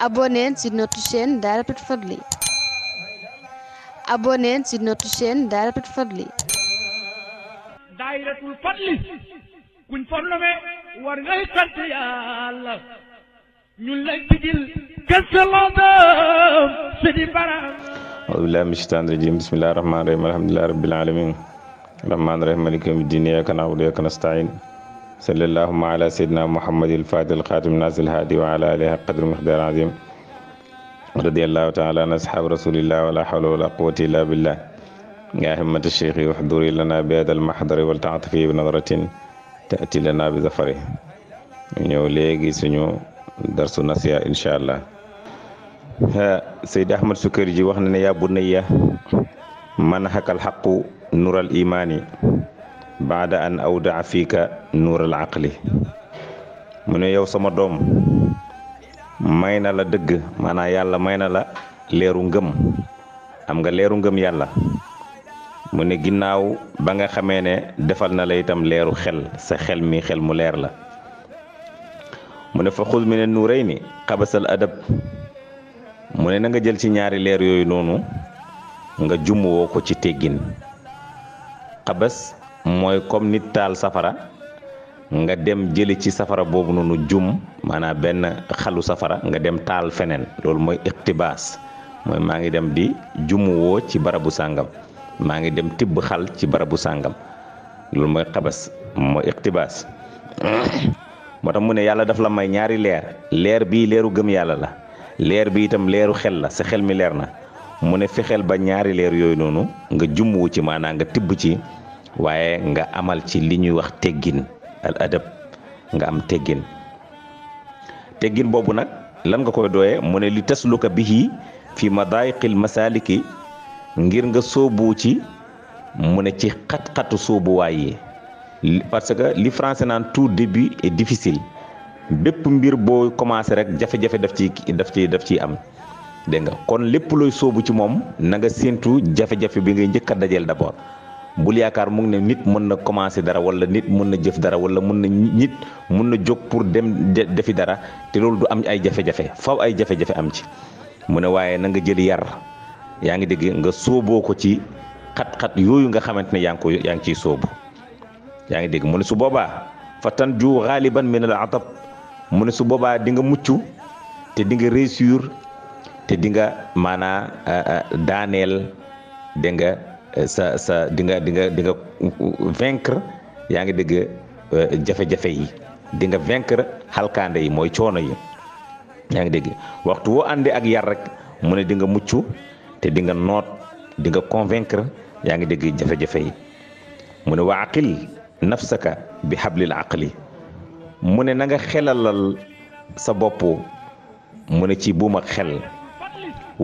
abonnez sur notre chaîne Dahiratoul Fadly abonnez sur war ngay sant Yàlla ñun lay tijil kasalada sidi bara a'uuzu billahi mina shaytaani rajiim bismillahi rahmaani rahiim alhamdulillahi rabbil aalamiin rahmaani rahiim maaliki yawmi ddiin iyyaka na'budu wa iyyaka nasta'iin salallahuma ala seydina muhammadil fadil xaatim nasil haadi wa ala alihi qadri miqdaar azim radiallahu taala an ashab rasulillah wala hawla wala quwata illa billah ya himmata cheikhi wahduri lana bi hada almahdari wal taatafi bi nadratin taati lana bi zafari ñëw léegi suñu darsu nasiha incha allah Seydi Ahmad Sukari ji wax na ne yaa bunayya man hakal xaqu nural imaani baada an awdaa fiika nuural aqli mu ne yow sama doom may na la dëgg maanaam yàlla may na la leeru ngëm am nga leeru ngëm yàlla mu ne ginnaaw ba nga xamee ne defal na la itam leeru xel sa xel mi xel mu leer la mu ne fa xuz mi ne nuuray ni xabasal adab mu ne na nga jël ci ñaari leer yooyu noonu nga jumuwoo ko ci teggin xabas mooy comme nit taal safara nga dem jëli ci safara boobu noonu jum maanaam benn xalu safara nga dem taal feneen loolu mooy iqtibaas maa ngi dem di jumuwoo ci barabu sàngam maa ngi dem tibb ci barabu sàngam loolu mooy xabas moo tax mu ne yàlla daf la may ñaari leer leer bii leeru gëm yàlla la leer bi itam leeru xel la si xel mi leer na mu ne fexeel ba ñaari leer yooyu noonu nga jumuwu ci maanaa nga tibb ci waaye nga amal ci li ñuy wax teggin al adab nga am teggin teggin boobu nag lan nga koy dooyee mu ne li tasluka bihi fi madayiqil masaliki ngir nga soobu ci mu ne ci xat-xatu sóobuwaay yi parce que li français naan tout début est difficile bépp mbir boo commencé rek jafe-jafe daf ci daf ci daf ciy am dégg nga kon lépp looy soobu ci moom na nga séentu jafe-jafe bi ngay njëkk a dajeel d'abord bul yaakaar mu ne nit mën na commencer dara wala nit mën na jëf dara wala mun na nit mun na jóg pour dem defi dara te loolu du am ay jafe-jafe faw ay jafe-jafe am ci mu ne waaye na nga jël yar yaa ngi dégg nga sóoboo ko ci xat-xat yooyu nga xamante ne yaa ngi ko yaa ngi ciy sóobu yaa ngi dégg mu ne su boobaa fa tan ju xaaliban min al atab mu ne su boobaa di nga mucc te di nga réussir te dinga nga maanaa daaneel dégg nga sa sa dinga nga di yaa ngi dégg euh, jafe-jafe yi di nga xalkaande yi mooy coono yi yaa ngi dégg waxtu woo àndee ak yar rek mu ne dinga nga mucc te dinga noot di nga convaincre yaa ngi dégg jafe-jafe yi mu ne waa aqil nafsaka bi xablil aqli mu ne nanga nga xelalal sa bopp mu ne ci buuma xel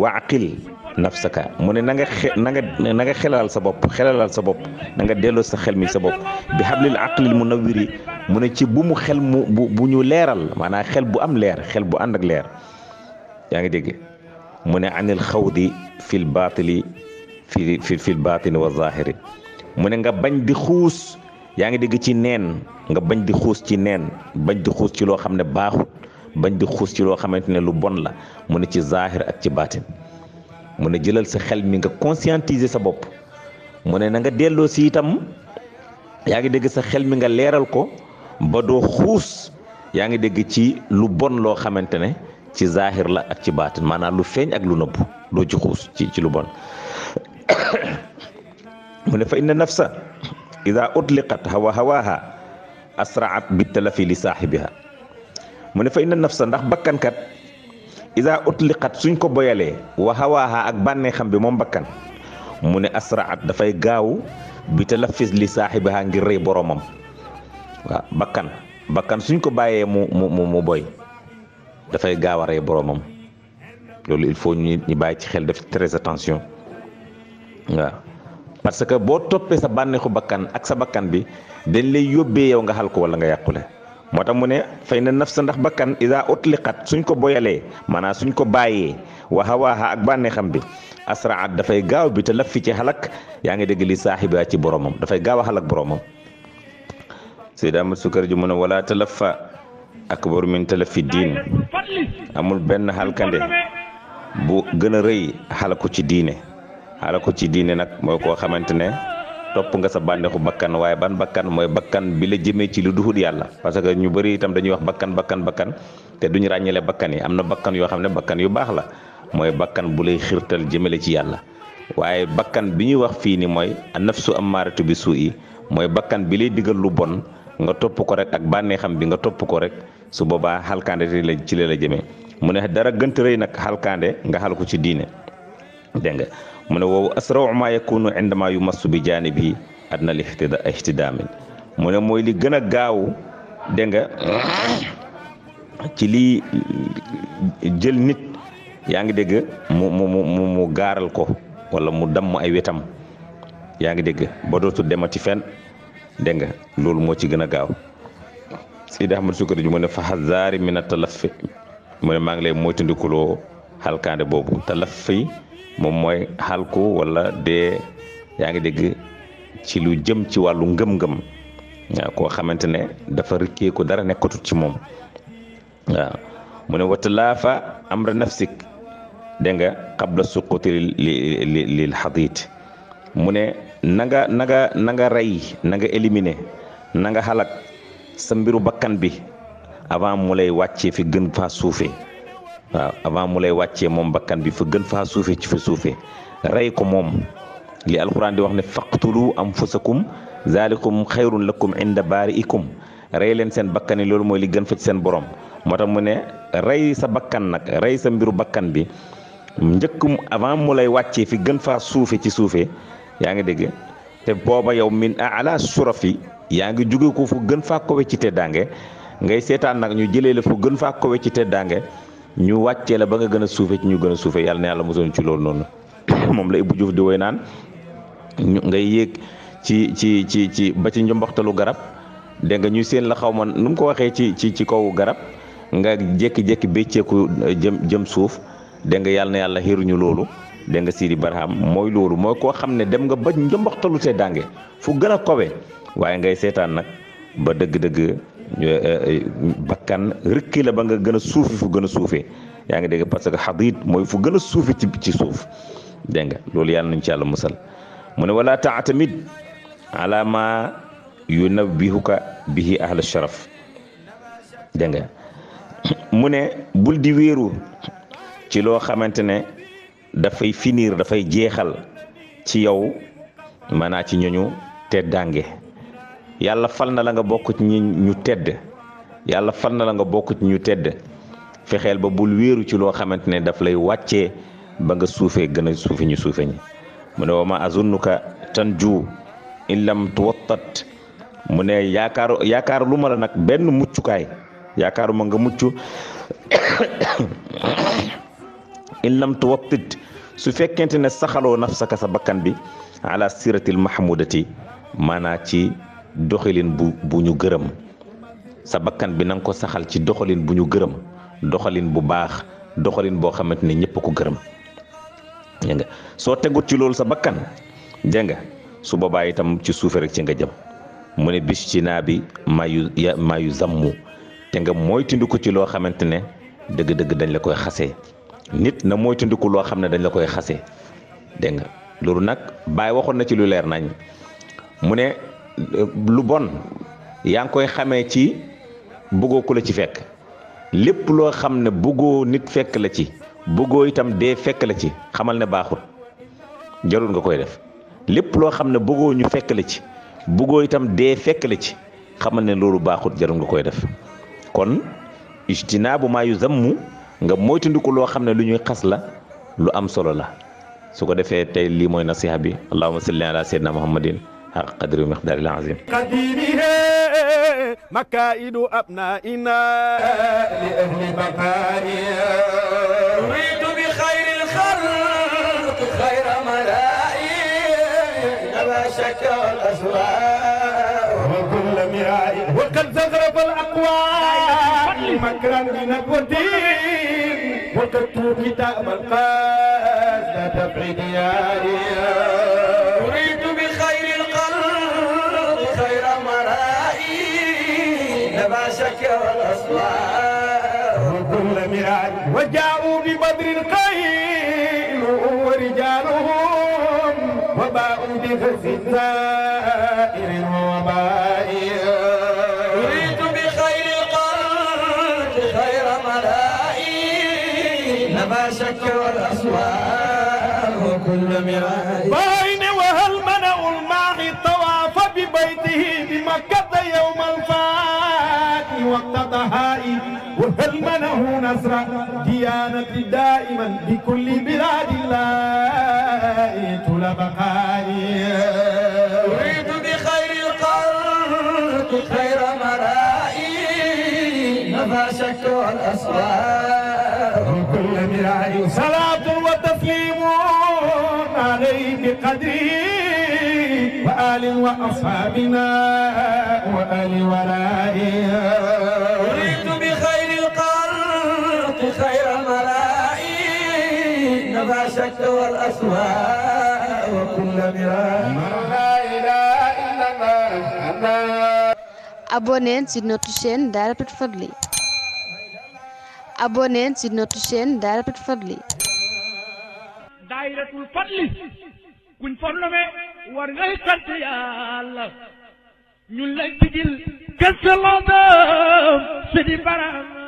wa aqil nafsaka mu ne nanga nga xe na xelalal sa bopp xelalal sa bopp na nga delloo sa xel mi sa bopp bi hablil aqlil munawwiri mu ne ci bu mu xel mu bu bu ñu leeral maanaam xel bu am leer xel bu ànd ak leer yaa ngi dégg mu ne anil xawdi fil baatili fi fi fil baatini wa zahiri mu ne nga bañ di xuus yaa ngi dégg ci neen nga bañ di xuus ci neen bañ di xuus ci loo xam ne baaxut bañ di xuus ci loo xamante ne lu bon la mu ne ci zahir ak ci baatin mu ne jëlal sa xel mi nga conscientiser sa bopp mu ne na nga delloo si itam yaa ngi dégg sa xel mi nga leeral ko ba doo xuus yaa ngi dégg ci lu bon loo xamante ne ci zaahir la ak ci baatin maanaam lu feeñ ak lu nëbb doo ci xuus ci ci lu bon mu ne fa inna nafsa ida utliqat hawa hawaaha asraat bi talafi li saaxibiha mu ne fa inna nafsa ndax bakkankat isa utliqat suñ ko boyalee wa hawaaha ak bànneexam bi moom bakkan mu ne at dafay gaawu bi te lafis li saaxibiha ngir rëy boromam waaw bakkan bakkan suñ ko bàyyee mu mu boy dafay gaaw a rey boromam loolu il faut ñu ñu bàyyi ci xel def très attention waaw parce que boo toppee sa bànneexu bakkan ak sa bakkan bi dañ lay yóbbee yow nga xal ko wala nga yàqule moo tax mu ne fay na nafsa ndax bakkan ida utliqat suñ ko boyalee maanaam suñ ko bàyyee waxa waaxa ak bànneexam bi asraat dafay gaaw bi te laf fi ci xalak yaa ngi dégg li saaxiba ci boromam dafay gaaw a xalak boromam Seydi Ahmad Sukar ji mu ne wala talafa akbar min talafi diin amul benn xalkande bu gën a rëy xalaku ci diine xalaku ci diine nag mooy koo xamante ne topp nga sa bànneexu bakkan waaye ban bakkan mooy bakkan bi la jëmee ci lu duhut yàlla parce que ñu bëri itam dañuy wax bakkan bakkan bakkan te duñu ràññale bakkan yi am na bakkan yoo xam ne bakkan yu baax la mooy bakkan bu lay xirtal jëmale ci yàlla waaye bakkan bi ñuy wax fii ni mooy nafsu ammaaratu bi suu yi mooy bakkan bi lay digal lu bon nga topp ko rek ak bànneexam bi nga topp ko rek su boobaa xalkaande te la ci la la jëmee mu ne dara gënt rëy nag xalkaande nga xal ko ci diine mu ne woowu asraw ma yakunu indama yu mastu bi jaanibi adna li ihtidaamin mu ne mooy li gën a gaaw dégg nga ci lii jël nit yaa ngi dégg mu gaaral ko wala mu damm ay wetam yaa ngi dégg ba dootul demati fen dégg nga loolu moo ci gën a gaaw Sidi Ahmad Sukari ji mu ne fa xazaari mina talaffi mu ne maa ngi lay moytandikuloo xalkaande boobu talaffi moom mooy xalku wala dee yaa ngi dégg ci lu jëm ci wàllu ngëm-ngëm waaw koo xamante ne dafa rikkee dara nekkatut ci moom waaw mu ne wata laafa amra nafsik dégg nga xabla suquti li li lil xadiit mu ne na nga nanga rey na nga éliminer na nga xalak sa mbiru bakkan bi avant mu lay wàccee fi gën faa suufee waaw avant mu lay wàccee moom bakkan bi fa gën faa suufee ci fa suufee rey ko moom li alxuraan di wax ne faqtulu anfusakum zalikum xayrun lakum inda baari'ikum rey leen seen bakkan yi loolu mooy li gën fa seen borom moo tax mu ne rey sa bakkan nag rey sa mbiru bakkan bi njëkkum avant mu lay wàccee fi gën faa suufe ci suufee yaa ngi dégg te booba yow min ala surafi yaa ngi jóge ko fu gën faa kowe ci teddaange ngay seetaan nag ñu jëlee la fu gën faa kowe ci teddaange ñu wàccee la ba nga gën a suufee ci ñu gën a suufee yàlla na yàlla mosoon ci loolu noonu moom la Ibou di woy naan ngay yéeg ci ci ci ci ba ci njomboxtalu garab dégg nga ñu seen la xaw ma nu ko waxee ci ci ci kaw garab nga jékki-jékki bécceeku jëm jëm suuf dégg nga yàlla na yàlla xiruñu loolu dégg nga Sidi mooy loolu mooy koo xam ne dem nga ba njomboxtalu see dànge fu gën a kowe waaye ngay seetaan nag ba dëgg-dëgg Eh, eh, bakkan rëkki la ba nga gën a suufi fu gën a suufee yaa ngi dégg parce que xadid mooy fu gën a suufi ci ci suuf dégg nga loolu yàlla nañ ci yàlla musal mu ne wala taatamid ala ma yunabbihuka bihi ahla sharaf dégg nga mu ne bul di wéeru ci loo xamante ne dafay finir dafay jeexal ci yow maanaa ci ñooñu te dànge yàlla fal na la nga bokk ñi ñu tedd yàlla fal na la nga bokk ñu tedd fexeel ba bul wéeru ci loo xamante ne daf lay wàcce ba nga suufee gën a suufi ñu suufe ñi mu ne wa ma azunnuka tanju in lam tuwattat mu ne yaakaaru yaakaar lu ma nag benn muccukaay yaakaaruma nga mucc in lam tuwattit su fekkente ne saxaloo nafsaka sa bakkan bi ala siratil mahmudati maanaa ci doxalin bu bu ñu gërëm sa bakkan bi na ko saxal ci doxalin bu ñu gërëm doxalin bu baax doxalin boo xamante ni ñëpp ko gërëm nga soo tegut ci loolu sa bakkan dégg nga su boobaa itam ci suufe rek ci nga jëm mu ne bis ci naa bi mayu mayu zammu te nga moytandiku ci loo xamante ne dëgg-dëgg dañ la koy xase nit na moytandiku loo xam ne dañ la koy xase dégg nga loolu nag Baay waxoon na ci lu leer nañ mu ne lu bon yaa ngi koy xamee ci bëggoo ku la ci fekk lépp loo xam ne bëggoo nit fekk la ci bëggoo itam dee fekk la ci xamal ne baaxul jarul nga koy def lépp loo xam ne bëggoo ñu fekk ci bëggoo itam dee fekk ci xamal ne loolu baaxul jarul nga koy def kon ijtinaabu maa yu zammu nga moytandiku loo xam ne lu ñuy xas la lu am solo la su ko defee tey lii mooy nasiha bi allahumma salli ala sayyidina muhammadin قدر مقدار العظيم قديره مكائد أبنائنا لأهل بقائنا نريد بخير الخلق خير ملائي لا شك والأسواق وكل ميائي وقد زغرب الأقوال مكرا بنبوتين وقد توكت أمل قاس لا تبعد يا والأسواق وكل مراج وجاءوا ببدر قيل ورجالهم وباءوا بغزل زائر وباء أريد بخير القلب خير ملائي لما شك والأسواق وكل مراج باين وهل منأ الماعي طواف ببيته بمكة يوم الطهاء وهل منه نصر ديانة دائما بكل بلاد الله طول بقائي أريد بخير القلب خير مرائي نفى شك الأسرار كل مرائي صلاة وتسليم عليه بقدره وآل وأصحابنا وآل ورائه خير المرائي نبع شك والأسماء وكل مرائي لا إله إلا الله abonnez sur notre chaîne Dahiratoul Fadly abonnez sur notre chaîne Dahiratoul Fadly Dahiratoul Fadly kuñ fornome war ngay sant Yàlla ñun lay digil gëstu loo doon si di baram